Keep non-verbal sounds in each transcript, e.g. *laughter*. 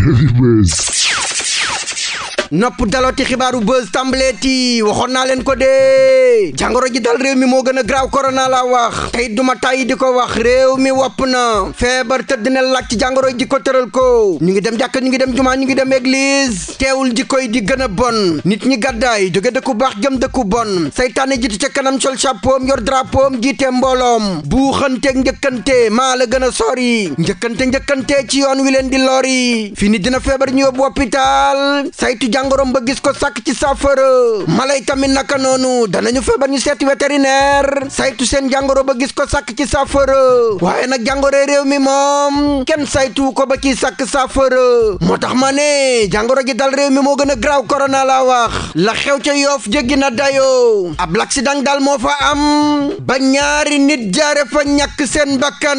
Heavy Mess. nopp dalooti xibaaru buzz tàmbaleeti waxoon naa leen ko dee jangoro ji dal réew mi moo gën a graaw korona laa wax tey duma tàyyi di ko wax réew mi wopp na feebar tëdd na laaj ci jàngoro ji ko ko ñu ngi dem jàkka ñu ngi dem jumaa ñu ngi dem église teewul ji koy di gën a bon nit ñi gàddaay jóge dëkku baax jëm dëkku bon saytaane jiitu ca kanam sol chapeau am yor drapeau am jiite mbooloom buuxanteeg njëkkante maa la gën a sori njëkkante njëkkante ci yoon wi leen di lori fini dina feebar ñu jàngorom ba gis ko sàkk ci saafara mala yi tamit naka noonu danañu feebar ñu seeti vétérinaire saytu seen jàngoro ba gis ko sàkk ci saafara waaye nag jàngoro réew mi moom kenn saytu ko ba ci sàkk saafara moo tax ma ne jàngoro ji dal réew mi moo gën a graaw corona laa wax la xew ca yoof jéggi na dayoo ab l'accident daal moo fa am ba ñaari nit jaare fa ñàkk seen bakkan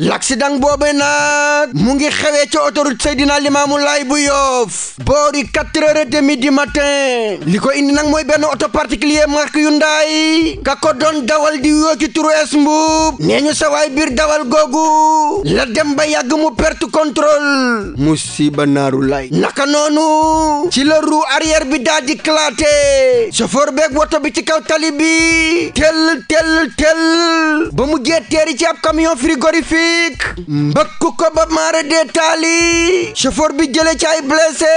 l'accident boobee nag mu ngi xewee ca autoroute Seydina Limaamu Laay bu yoof boori kat quatre heures et matin li ko indi nag mooy benn oto particulier marque Hyundai ka ko doon dawal di woo ci turu es mbuub nee ñu biir dawal googu la dem ba yàgg mu perte contrôle musiba naaru lay naka noonu ci la roue bi daal di claté chauffeur woto bi ci kaw tali bi tel tel tel ba mu jee teeri ci ab camion frigorifique mbëkk ko ba maare dee taali chauffeur bi jële ci ay blessé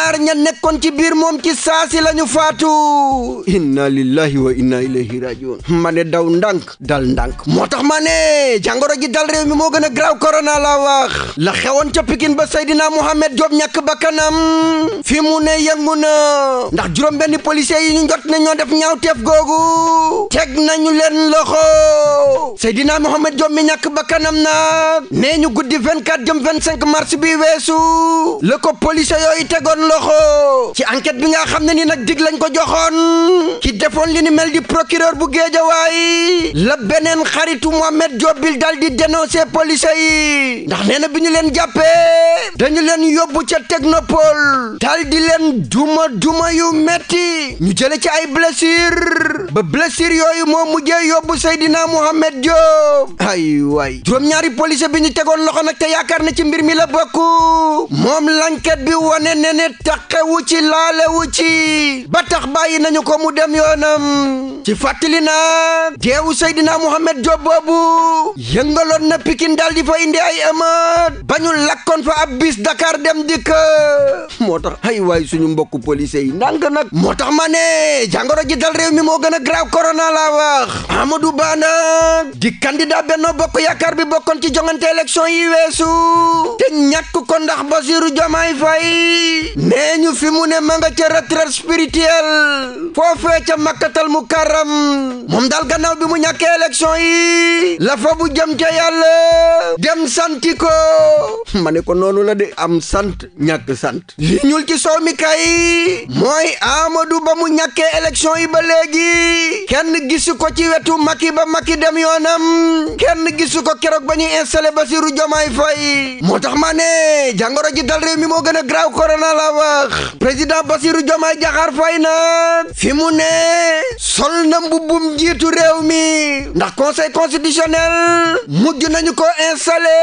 ñaar ña nekkoon ci biir moom ci saasi lañu faatu inna lillahi wa inna ilayhi rajiun ma ne daw ndànk dal ndànk moo tax ma ne jàngoro ji dal réew mi moo gën a graw korona la wax la xewoon ca Pikine ba Seydina Mohamed Diop ñakk bakkanam fi mu ne yëngu na ndax juróom benn policiers yi ñu jot ne ñoo def ñaawteef googu teg nañu leen loxo Seydina Mohamed Diop mi ñàkk bakkanam nag nee ñu guddi 24 jëm 25 mars bi weesu la ko policiers seen loxo ci enquête bi nga xam ne ni nag digg lañ ko joxoon ki defoon li ni mel di procureur bu Géejawaay la beneen xaritu Mohamed Diop bi dal di dénoncer police yi ndax nee na bi ñu leen jàppee dañu leen yóbbu ca technopole dal di leen duma duma yu metti ñu jële ci ay blessure ba blessure yooyu moo mujjee yóbbu Seydina Mohamed Diop ay waay juróom-ñaari police bi ñu tegoon loxo nag te yaakaar na ci mbir mi la bokk moom l'enquête bi wone ne ne taqewu ci laalewu ci ba tax nañu ko mu dem yoonam ci fàttali na deewu Seydina Mohamed Diop boobu yëngaloon na Pikine daal di fa indi ba ñu lakkoon fa ab bis Dakar dem dikk moo tax ay waay suñu mbokku police yi ndànk nag moo tax ma ne ji dal réew mi moo gën a graaw corona laa wax Amadou Ba di candidat Benno Bokk Yaakaar bi bokkoon ci jongante élection yi weesu te ñàkk ko ndax Bassirou Diomaye Faye nee ñu fi mu ne ma nga ca retraite spirituelle foofee ca makkatal mu karam moom daal gannaaw bi mu ñàkkee élection yi la fa bu jëm ca yàlla dem santi ko *laughs* ko noonu la de am sant ñàkk sant li ñul ci soow mi kay mooy Amadou Ba mu ñàkkee élection yi ba léegi kenn gisu ko ci wetu Macky ba Macky dem yoonam kenn gisu ko keroog ba ñuy installé Bassirou Diomaye Faye moo tax ma ne ji dal réew mi moo gën a graaw corona la laa wax président Bassirou Diomaye Diakhar Faye na fi mu ne sol na mbubbum njiitu réew mi ndax conseil constitutionnel mujj nañu ko installé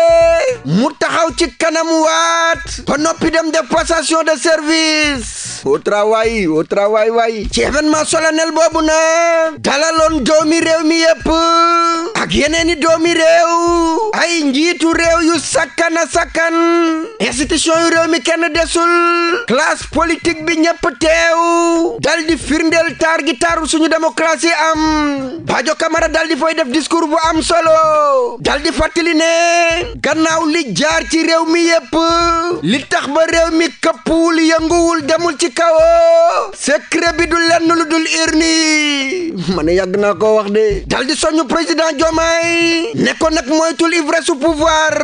mu taxaw ci kanam waat ba noppi dem def passation de service au travail au travail waay ci événement solennel boobu na dalaloon doomi réew mi yépp ak yeneeni doomi réew ay njiitu réew yu sakkana sakkan institution yu réew mi kenn desul classe politique bi ñépp teew dal di firndeel taar gi taaru suñu dem démocratie am Badio Camara dal di fay def discours bu am solo dal di fàttali ne gannaaw li jaar ci réew mi yépp li tax ba réew mi këppuwul yënguwul demul ci kawoo secret bi du lenn dul urne ma ne yàgg naa ko wax de dal di soñu président Diomaye ne ko nag moytul ivresse au pouvoir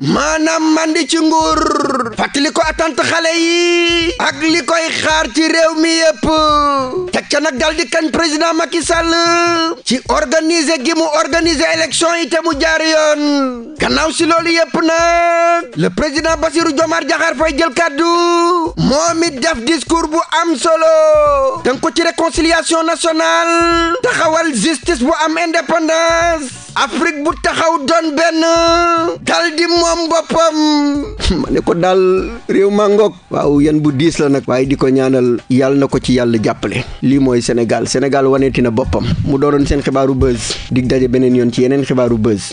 maanaam mandi ci nguur fàttali ko attente xale yi li koy xaar ci réew mi yépp ca nag dal kañ président Macky Sall ci organiser gi mu organiser élection yi te mu jaar yoon si loolu yëpp nag le président Bassirou Diomaye Diakhar Faye jël kaddu moom def discours bu am solo tënk ko ci réconciliation nationale taxawal justice bu am indépendance Afrique bu taxaw doon benn dal di moom boppam *laughs* ma ne ko daal réew màngook waaw yan bu diis la nag waaye di ko ñaanal yàlla na ko ci yàlla jàppale lii mooy Sénégal Sénégal waneeti na boppam mu doon seen xibaaru buzz dig daje beneen yoon ci yeneen xibaaru buzz